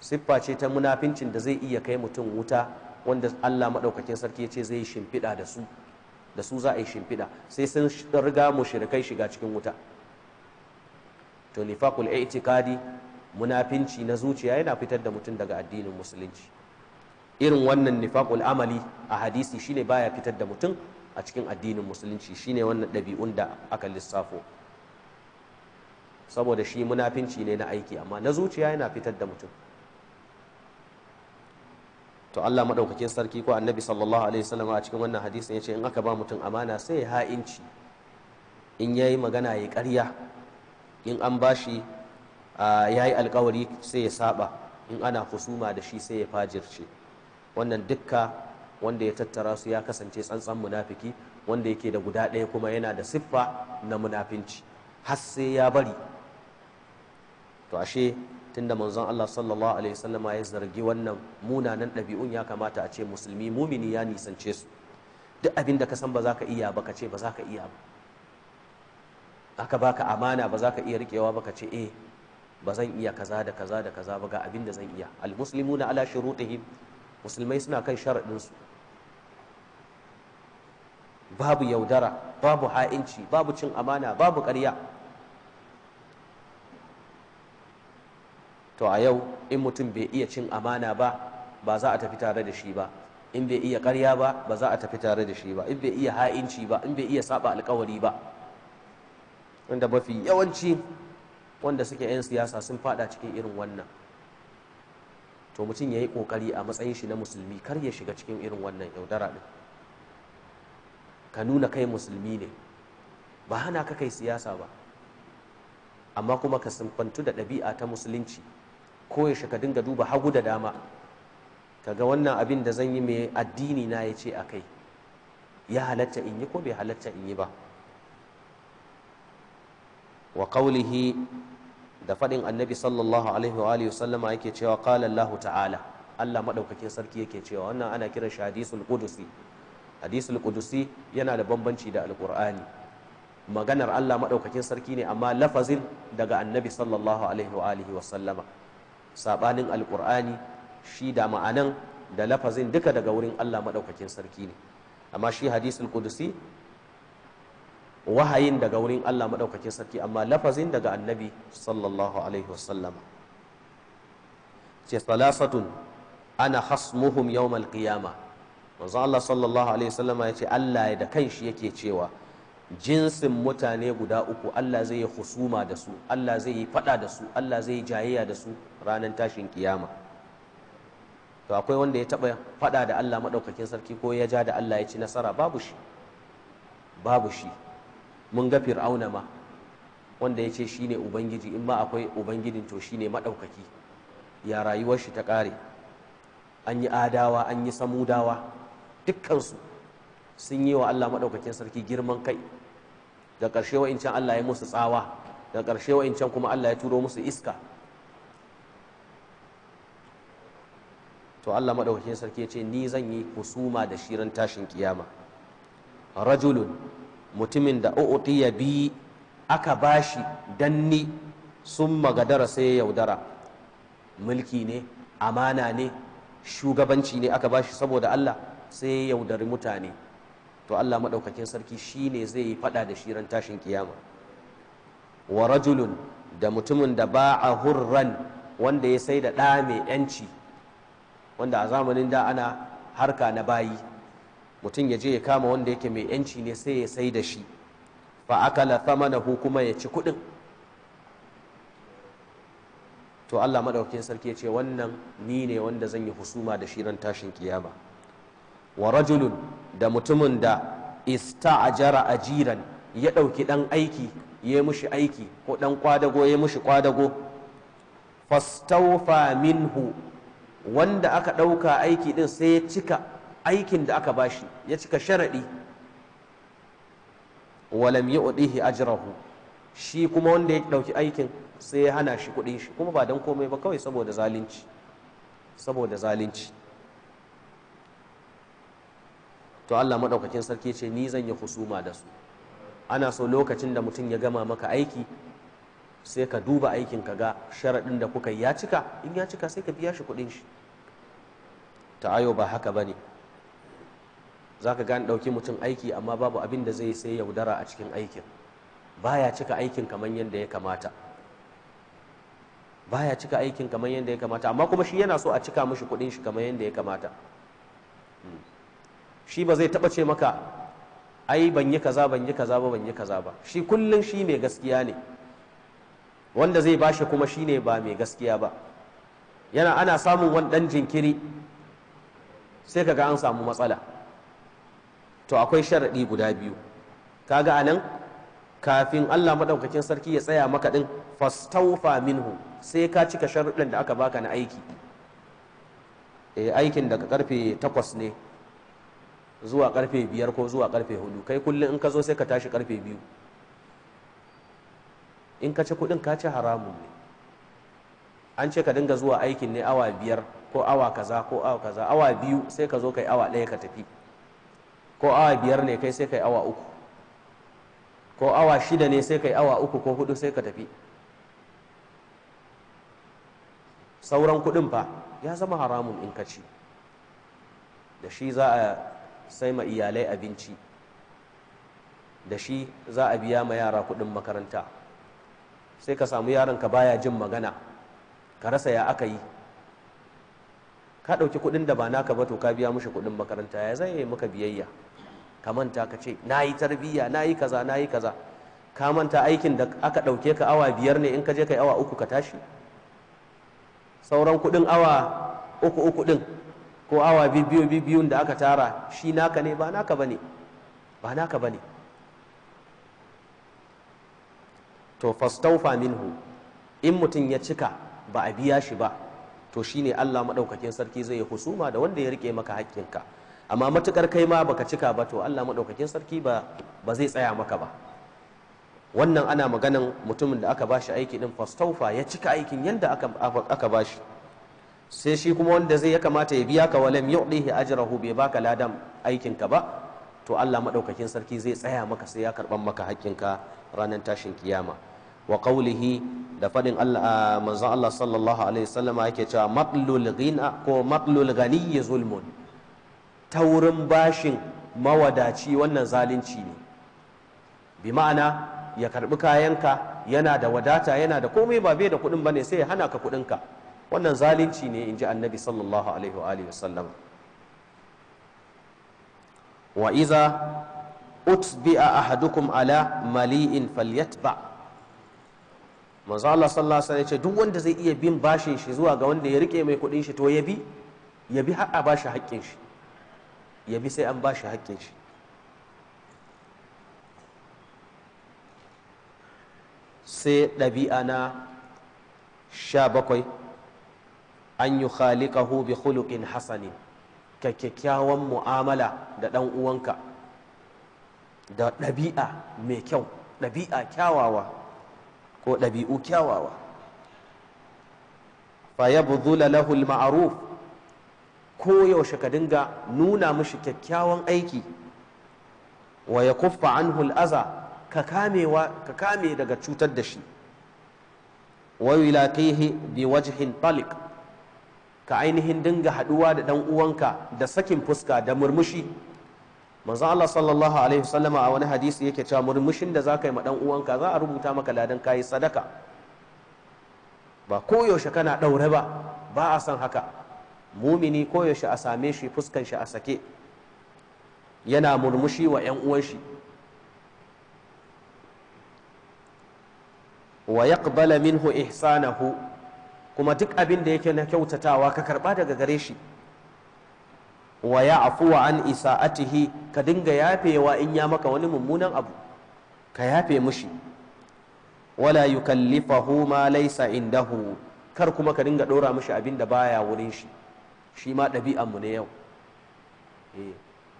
siffa ce ta munafincin da zai iya kai mutum wuta wanda Allah maɗaukakin sarki ya ce zai shimfiɗa da su da su za a yi shimfiɗa sai sun riga mushrikai shiga cikin wuta to nifaqul i'tiqadi munafinci na zuciya yana fitar da mutum daga addinin musulunci irin wannan nifaqul amali a hadisi shine baya fitar da mutum a cikin addinin musulunci shine wannan ɗabi'un da aka lissafo saboda shi munafinci ne na aiki amma na zuciya yana fitar da mutum to Allah madaukakin sarki ko annabi sallallahu alaihi wasallam a cikin wannan hadisin yace in aka ba mutum amana sai ya ha'inci in yayi magana ya ƙarya in an bashi yayi alƙawari sai ya saba in ana husuma da shi sai ya fajirce wannan dukka wanda ya tattara su ya kasance tsantsan munafiki wanda yake da guda ɗaya kuma yana da siffa na munafinci har sai ya bari to ashe tunda manzon Allah sallallahu alaihi wasallam ya zargi wannan munanan ɗabi'un ya kamata a ce musulmi mumini ya nisance su duk abin da ka san ba za ka iya ba ka ce ba za ka iya ba aka baka amana ba za ka iya rikewa ba ka ce eh ba zan iya kaza da kaza da kaza ba ga abin da zan iya al-muslimuna ala shurutihim musulmai suna kan sharaɗinsu babu yaudara babu ha'inci babu cin amana babu ƙarya to a yau in mutum bai iya cin amana ba ba za a tafi tare da shi ba in bai iya ƙarya ba ba za a tafi tare da shi ba in bai iya ha'inci ba in bai iya saba alkawari ba wanda mafi yawanci wanda suke 'yan siyasa sun fada cikin irin wannan to mutum ya yi ƙoƙari a matsayin shi na musulmi kar ya shiga cikin irin wannan yaudara ɗin ka nuna kai musulmi ne ba hana ka kai siyasa ba amma kuma ka simfantu da ɗabi'a ta musulunci ko ya shiga dinga duba hagu da dama Ka ga wannan abin da zan yi mai addini na ya ce a kai ya halatta in yi ko bai halatta in yi ba wa qawlihi da faɗin annabi sallallahu alaihi wa alihi sallama yake cewa qala Allah ta'ala Allah madaukakin sarki yake cewa wannan ana kiran shi hadisul qudusi hadisul qudusi yana da bambanci da alqur'ani maganar Allah madaukakin sarki ne amma lafazin daga annabi sallallahu alaihi wa alihi wa sallama sabanin alqur'ani shi da ma'anan da lafazin duka daga wurin Allah madaukakin sarki ne amma shi hadisul qudusi wahayin daga wurin Allah maɗaukakin sarki amma lafazin daga annabi sallallahu alaihi wasallam ce salasatun ana hasmuhum yawmal qiyama manzo Allah sallallahu alaihi wasallam ya ce Allah da kanshi yake cewa jinsin mutane guda uku Allah zai yi husuma da su Allah zai yi fada da su Allah zai yi jayayya da su ranar tashin kiyama to akwai wanda ya taba fada da Allah maɗaukakin sarki ko ya ja da Allah ya ci nasara babu shi babu shi mun ga fir'auna ma wanda ya ce shi ne ubangiji in ma akwai ubangijin to shi ne maɗaukaki ya rayuwar shi ta ƙare an yi adawa an yi samudawa dukkansu sun yi wa allah maɗaukakin sarki girman kai da ƙarshe wa'incan allah ya musu tsawa da ƙarshe wa'incan kuma allah ya turo musu iska to allah maɗaukakin sarki ya ce ni zan yi husuma da shirin tashin kiyama rajulun mutumin da ya bi aka bashi danni sun magadara sai ya yaudara mulki ne amana ne shugabanci ne aka bashi saboda Allah sai ya yaudari mutane to Allah maɗaukakin sarki shi ne zai yi faɗa da shiran tashin kiyama wa rajulun da mutumin da ba a hurran wanda ya sai da ɗa mai yanci wanda a zamanin da ana harka na bayi mutum ya je ya kama wanda yake mai yanci ne sai ya sai da shi fa mana thamanahu kuma ya ci kuɗin to Allah maɗaukin sarki ya ce wannan ni ne wanda zan yi husuma da shi ran tashin kiyama wa rajulun da mutumin da ista'ajara ajiran ya ɗauki ɗan aiki ya yi mushi aiki ko ɗan kwadago ya yi mushi kwadago fastaufa minhu wanda aka ɗauka aiki ɗin sai ya cika aikin da aka bashi ya cika sharaɗi walam ya udihi ajirahu shi kuma wanda ya ɗauki aikin sai ya hana shi kuɗin shi kuma ba don komai ba kawai saboda zalunci saboda zalunci to Allah maɗaukacin sarki ce ni zan yi husuma da su ana so lokacin da mutum ya gama maka aiki sai ka duba aikin ka ga sharaɗin da kuka ya cika in ya cika sai ka biya shi kuɗin shi ta ayo ba haka ba ne za ka gani ɗauki mutum aiki amma babu abin da zai sai yaudara a cikin aikin baya cika aikin kamar yadda ya kamata baya cika aikin kamar yadda ya kamata amma kuma shi yana so a cika mishi kuɗin shi kamar yadda ya kamata hmm. shi ba zai taɓa ce maka ai ban yi kaza ban yi kaza ba ban yi kaza ba shi kullum shi mai gaskiya ne wanda zai bashi kuma shi ne ba mai gaskiya ba yana ana samun wani ɗan jinkiri sai kaga an samu matsala to akwai sharaɗi guda biyu kaga anan kafin Allah maɗaukakin sarki ya tsaya maka ɗin fastaufa minhu sai ka cika sharuɗin da aka baka na aiki e, aikin daga karfe takwas ne zuwa karfe biyar ko zuwa karfe hudu kai kullum in ka zo sai ka tashi karfe biyu in ka ci kuɗin ka ci haramun ne an ce ka dinga zuwa aikin ne awa biyar ko awa kaza ko awa kaza awa biyu sai ka zo kai awa ɗaya ka tafi ko awa biyar ne kai sai kai awa uku ko awa shida ne sai kai awa uku ko hudu sai ka tafi sauran kudin fa ya zama haramun in ka ci da shi za a sai ma iyalai abinci da shi za a biya ma yara kudin makaranta sai ka samu yaron ka baya jin magana ka rasa ya aka yi ka ɗauki kuɗin da ba naka ba to ka biya mushi kuɗin makaranta ya zai yi maka biyayya ka manta ka ce na yi tarbiyya na yi kaza na yi kaza ka manta aikin da aka ɗauke ka awa biyar ne in ka je ka awa uku ka tashi sauran kuɗin awa uku uku ɗin ko awa biyu biyun da aka tara shi naka ne ba naka ba ne ba naka ba ne. to fastaufa minhu in mutum ya cika ba a biya shi ba to shine Allah maɗaukakin sarki zai husuma da wanda ya rike maka haƙƙinka amma matukar kai ma baka cika ba to Allah maɗaukakin sarki ba ba zai tsaya maka ba wannan ana maganan mutumin da aka bashi aiki din fastaufa ya cika aikin yanda aka bashi sai shi kuma wanda zai ya kamata ya biya ka walam yu'dihi ajrahu bai baka ladan aikin ka ba to Allah maɗaukakin sarki zai tsaya maka sai ya karban maka ka ranar tashin kiyama wa qawlihi da fadin Allah Allah sallallahu alaihi wasallama yake cewa matlul ghina ko matlul ghani zulmun ta wurin bashin mawadaci wannan zalunci ne bi ma'ana ya karbi kayanka yana da wadata yana da komai ba bai da kuɗin ne sai ya hana ka kuɗinka wannan zalunci ne in ji annabi sallallahu alaihi wa alihi wasallam wa iza utbi'a ahadukum ala mali'in falyatba manzo Allah sallallahu alaihi wasallam ya ce duk wanda zai iya bin bashin shi zuwa ga wanda ya rike mai kuɗin shi to ya bi ya bi har a bashi haƙƙin shi ya bi sai an ba shi haƙƙin shi sai ɗabi'a na sha bakwai an yi khaliƙahu bi khuluqin hasanin ka kyakkyawan mu'amala da ɗan uwanka da ɗabi'a mai kyau ɗabi'a kyawawa ko ɗabi'u kyawawa fa yabdhula lahu al-ma'ruf koyaushe ka dinga nuna mishi kyakkyawan aiki wa ya kuffa an hul'aza ka kame daga cutar da shi wa yulaqihi bi wajihin talik ka ainihin dinga haduwa da dan uwanka da sakin fuska da murmushi manzo Allah sallallahu alaihi wasallama a wani hadisi yake cewa murmushin da za ka yi ma dan uwanka za a rubuta maka ladan kayi sadaka ba koyaushe kana ɗaure ba ba a son haka mumini koyaushe a same shi fuskan shi a sake yana murmushi wa 'yan uwan shi wa yaqbala minhu ihsanahu kuma duk abin da yake na kyautatawa ka karba daga gare shi wa ya'fuwa an isa'atihi ka dinga yafewa in ya maka wani mummunan abu ka yafe mushi wala yukallifahu ma laysa indahu kar kuma ka dinga dora mushi abin da baya wurin shi shi ma ɗabi'anmu ne yau eh,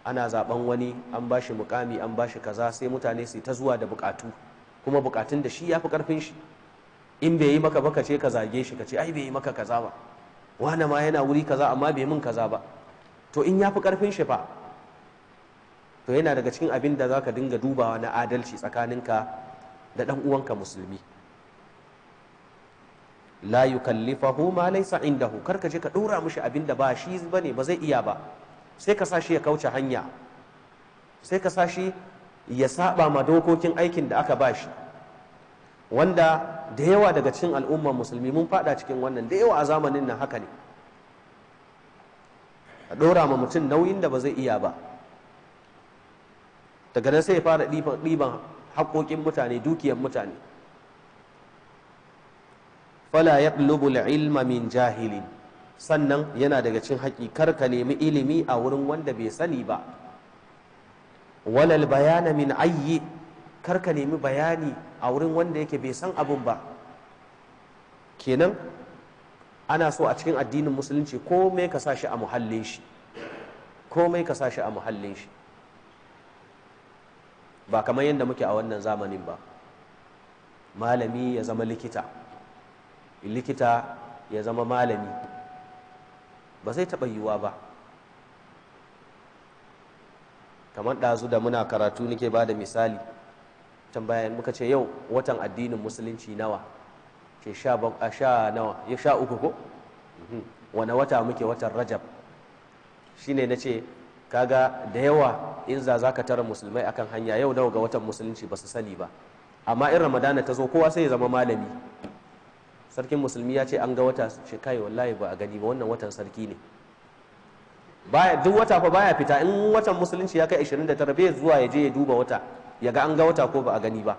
ana zaben wani an ba shi mukami an ba shi kaza sai mutane su ta zuwa da bukatu kuma bukatun da shi ya fi karfin shi in bai yi maka ba ka ce ka zage shi ka ce ai bai yi maka kaza ba wane ma yana wuri kaza amma bai min kaza ba to in ya fi karfin shi fa to yana daga cikin abin da za ka dinga dubawa na adalci tsakaninka da ɗan uwanka musulmi la yukallifahu ma laysa indahu karka je ka dora mishi abin da ba shi bane ba zai iya ba sai ka sashi ya kauce hanya sai ka sashi ya saba ma dokokin aikin da aka bashi wanda da yawa daga cikin al'ummar musulmi mun fada cikin wannan da yawa a zamanin nan haka ne a dora ma mutum nauyin da ba zai iya ba daga nan sai ya fara ɗiban haƙoƙin mutane dukiyar mutane fala ya ilma min jahilin sannan yana daga cin haƙi kar nemi ilimi a wurin wanda bai sani ba walal bayana min ayyi karka nemi bayani a wurin wanda yake bai san abun ba kenan ana so a cikin addinin musulunci komai ka sa shi a muhallin shi komai ka sa shi a muhallin shi ba kamar yadda muke a wannan zamanin ba malami ya zama likita likita ya zama malami ba zai taɓa yiwuwa ba kamar ɗazu da muna karatu nake ba da misali can bayan muka ce yau watan addinin musulunci nawa ke sha nawa ya sha uku ko mhm. wane wata muke watan rajab shine na ce kaga da yawa in za ka tara musulmai akan hanya yau nawa ga watan musulunci ba su sani ba amma in ramadana ta zo kowa sai ya zama malami sarkin musulmi ya ce an ga wata ce kai wallahi ba a gani ba wannan watan sarki ne baya duk wata fa baya fita in watan musulunci ya kai 29 bai zuwa ya je ya duba wata ya ga an ga wata ko ba a gani ba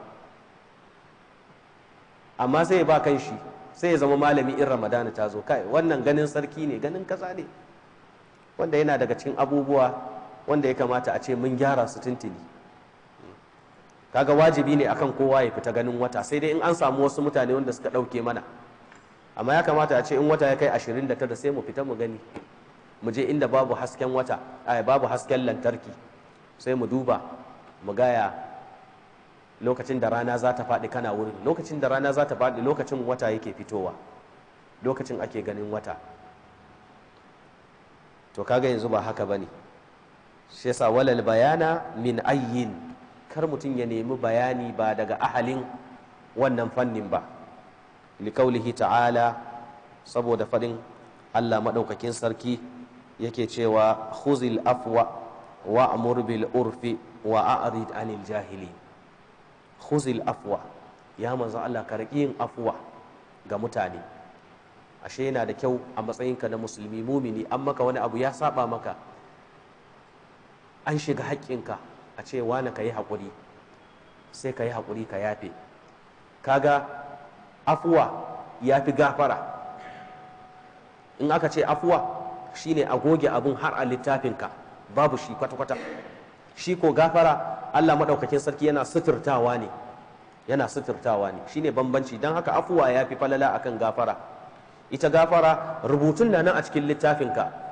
amma sai ya ba kan shi sai ya zama malami in ramadana ta zo kai wannan ganin sarki ne ganin kaza ne wanda yana daga cikin abubuwa wanda ya kamata a ce mun gyara su tuntuni kaga wajibi ne akan kowa ya fita ganin wata sai dai in an samu wasu mutane wanda suka ɗauke mana amma ya kamata a ce in wata ya kai ashirin da tara sai mu fita mu gani mu je inda babu hasken wata ai babu hasken lantarki sai mu duba mu gaya lokacin da rana za ta faɗi kana wurin lokacin da rana za ta faɗi lokacin wata yake fitowa lokacin ake ganin wata to kaga yanzu ba haka bane shi yasa walal bayana min ayyin kar mutum ya nemi bayani ba daga ahalin wannan fannin ba likaulihi ta'ala saboda faɗin allah maɗaukakin sarki yake cewa khuzil afwa wa amur bil urfi wa a'rid anil jahilin khuzil afwa ya manzo allah karki yin afwa ga mutane ashe yana da kyau a matsayinka na musulmi mumini an maka wani abu ya saba maka an shiga haƙƙinka a ce wani ka yi haƙuri sai ka yi haƙuri ka yafe kaga afuwa ya fi gafara in aka ce afuwa shine a goge abin har a littafinka babu shi kwata-kwata shi ko gafara allah maɗaukakin sarki yana suturtawa ne yana suturtawa ne shine bambanci don haka afuwa ya fi falala akan gafara ita gafara rubutun na nan a cikin littafinka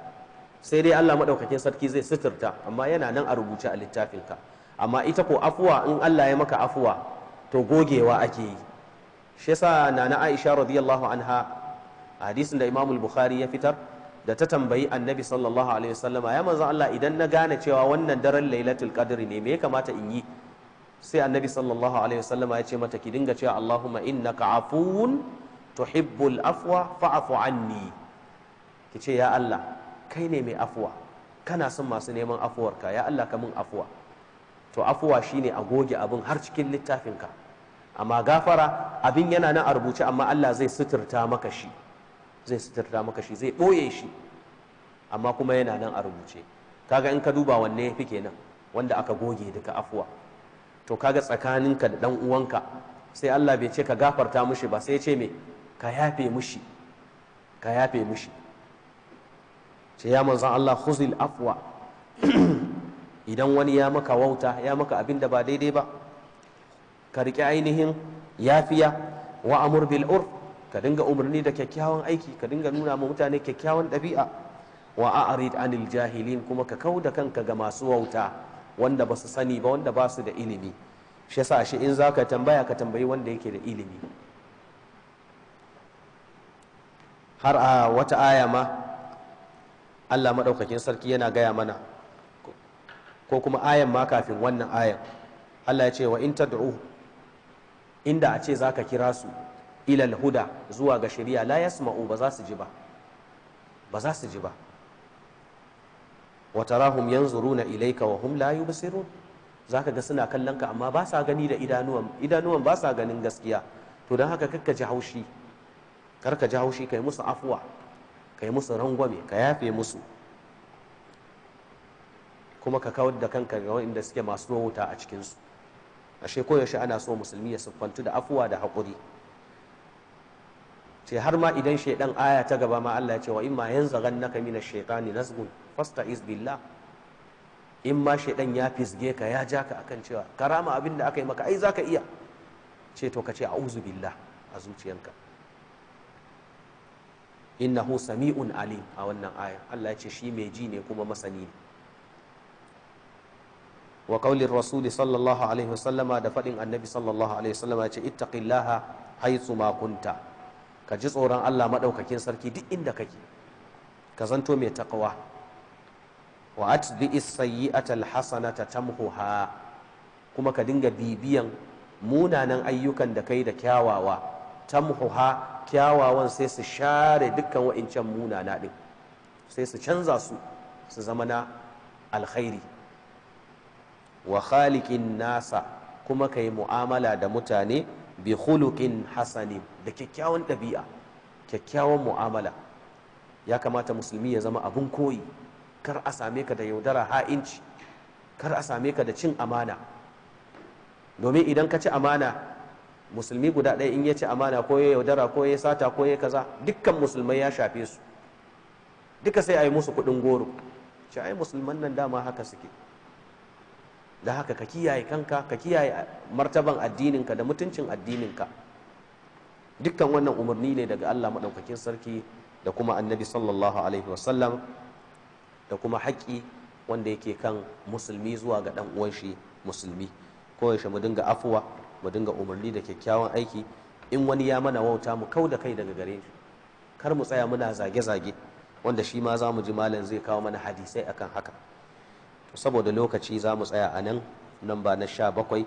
sai dai Allah maɗaukakin sarki zai suturta amma yana nan a rubuce a littafinka amma ita ko afuwa in Allah ya maka afuwa to gogewa ake yi shi yasa nana Aisha radiyallahu anha hadisin da Imam Bukhari ya fitar da ta tambayi Annabi sallallahu alaihi wasallama ya manzo Allah idan na gane cewa wannan daren Lailatul Qadri ne me ya kamata in yi sai Annabi sallallahu alaihi wasallama ya ce mata ki dinga cewa Allahumma innaka afuwun tuhibbul afwa fa'fu anni ki ce ya Allah kai ne mai afuwa kana son masu neman afuwar ka ya Allah ka min afuwa to afuwa shine a goge abin har cikin littafinka amma gafara abin yana nan a rubuce amma Allah zai suturta maka shi zai suturta maka shi zai ɓoye shi amma kuma yana nan a rubuce kaga in ka duba wanne yafi kenan wanda aka goge duka afuwa to kaga tsakaninka da dan uwanka sai Allah bai ce ka gafarta mushi ba sai ya ce me ka yafe mushi ka yafe mushi ce ya manzan Allah khuzil afwa <clears throat> idan wani ya maka wauta ya maka abin da ba daidai ba ka riƙe ainihin yafiya wa amur bil urf ka dinga umarni da kyakkyawan aiki ka dinga nuna ma mutane kyakkyawan ɗabi'a wa a'rid anil jahilin kuma ka kau da kanka ga masu wauta wanda ba su sani ba wanda ba su da ilimi shi yasa shi in zaka tambaya ka tambayi wanda yake da ilimi har a wata aya ma Allah maɗaukakin sarki yana gaya mana ko kuma ayan ma kafin wannan ayan Allah ya ce wa in inda a ce zaka kira su ilal huda zuwa ga shari'a la yasma'u ba za su ji ba ba za su ji ba wa tarahum yanzuruna ilayka wa hum la yubsirun zaka ga suna kallon ka amma ba sa gani da idanuwan idanuwan ba sa ganin gaskiya to don haka kakka ji haushi karka ji haushi kai musu afuwa ka yi musu rangwame ka yafe musu kuma ka kawar da kanka ga waɗanda suke masu wauta a cikinsu ashe koyaushe ana so musulmi ya siffantu da afuwa da haƙuri ce har ma idan shaidan aya ta gaba ma Allah ya ce wa imma yanzaghannaka mina shaitani fasta is billah in ma shaidan ya fisge ka ya ja ka akan cewa karama abin da aka yi maka ai zaka iya ce to ka ce a'udhu billah a zuciyanka innahu sami'un alim a wannan aya Allah ya ce shi mai ji ne kuma masani ne wa qaulin rasul sallallahu alaihi wasallama da fadin annabi sallallahu alaihi wasallama ya ce ittaqillaha haitsu ma kunta ka ji tsoron Allah madaukakin sarki duk inda kake ka zanto mai taqwa wa as sayyi'ata al-hasanata tamhuha kuma ka dinga bibiyan munanan ayyukan da kai da kyawawa tamhuha kyawawan sai su share dukkan wa'incan munana din sai su canza su su zama na alkhairi wa khalikin nasa kuma ka yi mu'amala da mutane bi hulukin hasanin da kyakkyawan ɗabi'a kyakkyawan mu'amala ya kamata musulmi ya zama abin koyi kar a same ka da yaudara ha'inci kar a same ka da cin amana domin idan ka ci amana musulmi guda ɗaya in ya ce amana ko ya yaudara ko ya sata ko ya kaza dukkan musulmai ya shafe su duka sai a yi musu kuɗin goro ce ai musulman nan dama haka suke da haka ka kiyaye kanka ka kiyaye martaban addininka da mutuncin addininka dukkan wannan umarni ne daga Allah maɗaukakin sarki da kuma annabi sallallahu alaihi wasallam da kuma haƙƙi wanda yake kan musulmi zuwa ga ɗan uwan shi musulmi ko yaushe mu dinga afuwa mu dinga umarni da kyakkyawan aiki in wani ya mana wauta mu kau da kai daga gare shi kar mu tsaya muna zage-zage wanda shi ma za mu ji malam zai kawo mana hadisai akan haka saboda lokaci za mu tsaya a nan nan ba na sha bakwai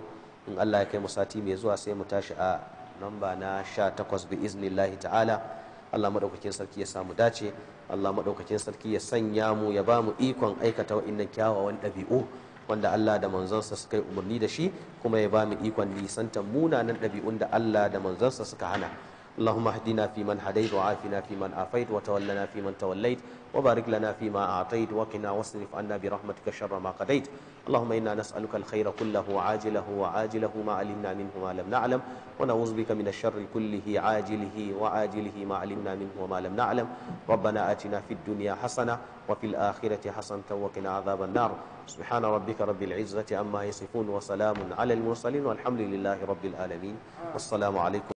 in allah ya kai mu sati mai zuwa sai mu tashi a nan ba na sha takwas bi iznillahi ta'ala allah maɗaukakin sarki ya samu dace allah maɗaukakin sarki ya sanya mu ya ba mu ikon aikata wa'innan kyawawan ɗabi'u wanda Allah da manzansa suka yi umarni da shi kuma ya ba mu ikon nisantan munanan ɗabi'un da Allah da manzansa suka hana اللهم اهدنا فيمن هديت وعافنا فيمن عافيت وتولنا فيمن توليت وبارك لنا فيما أعطيت وقنا واصرف عنا برحمتك شر ما قضيت اللهم إنا نسألك الخير كله عاجله وعاجله ما علمنا منه ما لم نعلم ونعوذ بك من الشر كله عاجله وعاجله ما علمنا منه وما لم نعلم ربنا آتنا في الدنيا حسنة وفي الآخرة حسنة وقنا عذاب النار سبحان ربك رب العزة عما يصفون وسلام على المرسلين والحمد لله رب العالمين والسلام عليكم